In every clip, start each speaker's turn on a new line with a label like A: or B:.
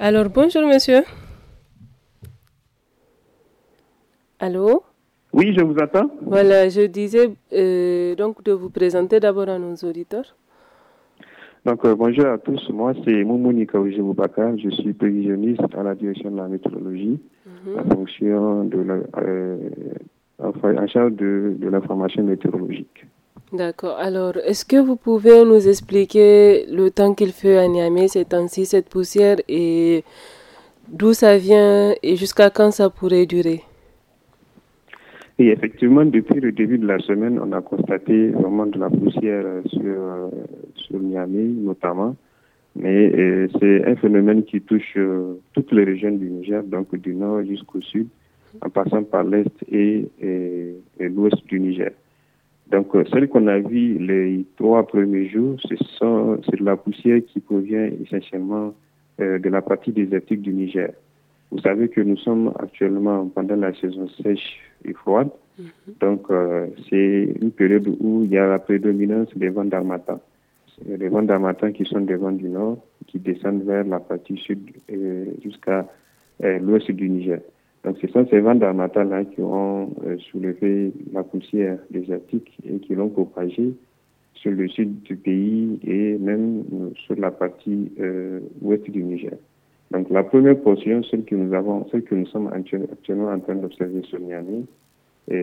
A: Alors, bonjour monsieur. Allô
B: Oui, je vous attends.
A: Voilà, je disais euh, donc de vous présenter d'abord à nos auditeurs.
B: Donc, euh, bonjour à tous. Moi, c'est Moumouni Kaouji Je suis prévisionniste à la direction de la météorologie, mhm. en fonction de la, euh, charge de, de l'information météorologique.
A: D'accord. Alors, est-ce que vous pouvez nous expliquer le temps qu'il fait à Niamey ces temps-ci, cette poussière, et d'où ça vient et jusqu'à quand ça pourrait durer
B: et effectivement, depuis le début de la semaine, on a constaté vraiment de la poussière euh, sur, euh, sur Niamey notamment. Mais euh, c'est un phénomène qui touche toutes les régions du Niger, donc du nord jusqu'au sud, en passant par l'est et l'ouest du Niger. Donc, euh, celle qu'on a vu les trois premiers jours, c'est de la poussière qui provient essentiellement euh, de la partie désertique du Niger. Vous savez que nous sommes actuellement pendant la saison sèche et froide. Mhm. Donc, euh, c'est une période où il y a la prédominance des vents d'armatan. Les vents d'armatan qui sont des vents du nord, qui descendent vers la partie sud jusqu'à l'ouest du Niger. Donc ce sont ces vents darmata qui ont euh, soulevé la poussière désertique et qui l'ont propagée sur le sud du pays et même euh, sur la partie euh, ouest du Niger. Donc la première portion, celle que nous avons, celle que nous sommes actuellement en train d'observer sur Niamey,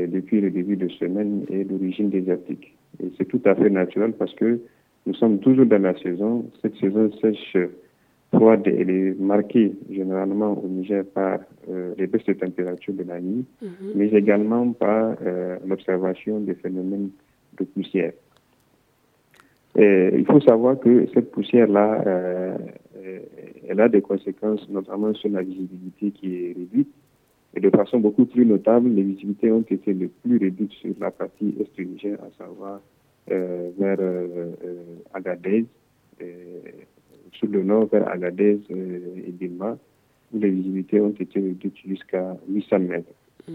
B: depuis le début de semaine, est d'origine désertique. Et c'est tout à fait naturel parce que nous sommes toujours dans la saison, cette saison sèche Froide et est généralement au Niger par euh, les baisses de température de la nuit, mhm. mais également par euh, l'observation des phénomènes de poussière. Euh, il faut savoir que cette poussière-là, elle a des conséquences notamment sur la visibilité qui est réduite. Et de façon beaucoup plus notable, les visibilités ont été les plus réduites sur la partie est du Niger, à savoir vers Agadez, sous le nord vers Agadez euh, et Bilma, où les visibilités ont été réduites jusqu'à 800 mètres. Mm.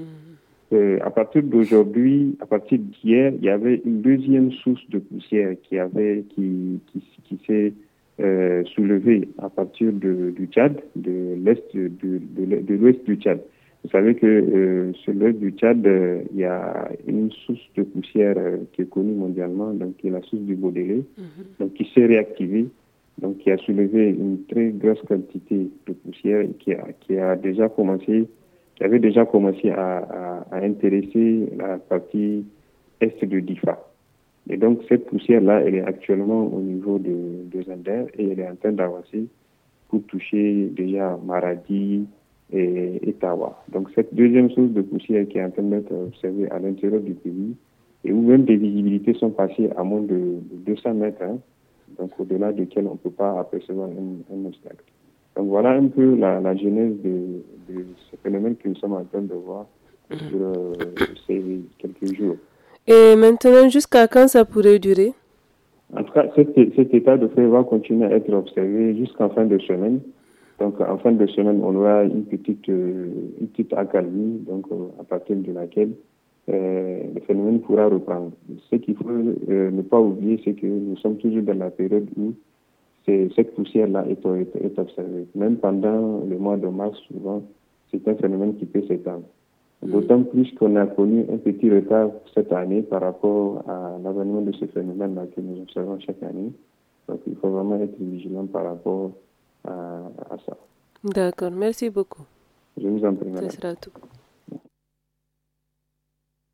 B: Euh, à partir d'aujourd'hui, à partir d'hier, il y avait une deuxième source de poussière qui avait qui, qui, s'est euh, soulevée à partir du Tchad, de l'est de, l'ouest du Tchad. Vous savez que sur l'ouest du Tchad, il y a une source de poussière qui est connue mondialement, donc qui est la source du Baudelaire, mm-hmm. donc qui s'est réactivée donc qui a soulevé une très grosse quantité de poussière et qui a, déjà commencé, qui avait déjà commencé à, intéresser la partie est de Difa. Et donc cette poussière-là, elle est actuellement au niveau de, Zander et elle est en train d'avancer pour toucher déjà Maradi et, Tawa. Donc cette deuxième source de poussière qui est en train d'être observée à l'intérieur du pays, et où même des visibilités sont passées à moins de, 200 mètres, hein, donc au-delà duquel on ne peut pas apercevoir un, obstacle. Donc voilà un peu la, genèse de, ce phénomène que nous sommes en train de voir sur euh, ces quelques jours.
A: Et maintenant, jusqu'à quand ça pourrait durer
B: En tout cas, cet, état de fait va continuer à être observé jusqu'en fin de semaine. Donc, en fin de semaine, on aura une petite, euh, accalmie, donc euh, à partir de laquelle euh, le phénomène pourra reprendre. Ce qu'il faut euh, ne pas oublier, c'est que nous sommes toujours dans la période où cette poussière-là est, observée. Même pendant le mois de mars, souvent, c'est un phénomène qui peut s'étendre. Mm. D'autant plus qu'on a connu un petit retard cette année par rapport à l'avènement de ce phénomène-là que nous observons chaque année. Donc, il faut vraiment être vigilant par
A: rapport à, à ça. D'accord, merci beaucoup. Je vous en prie.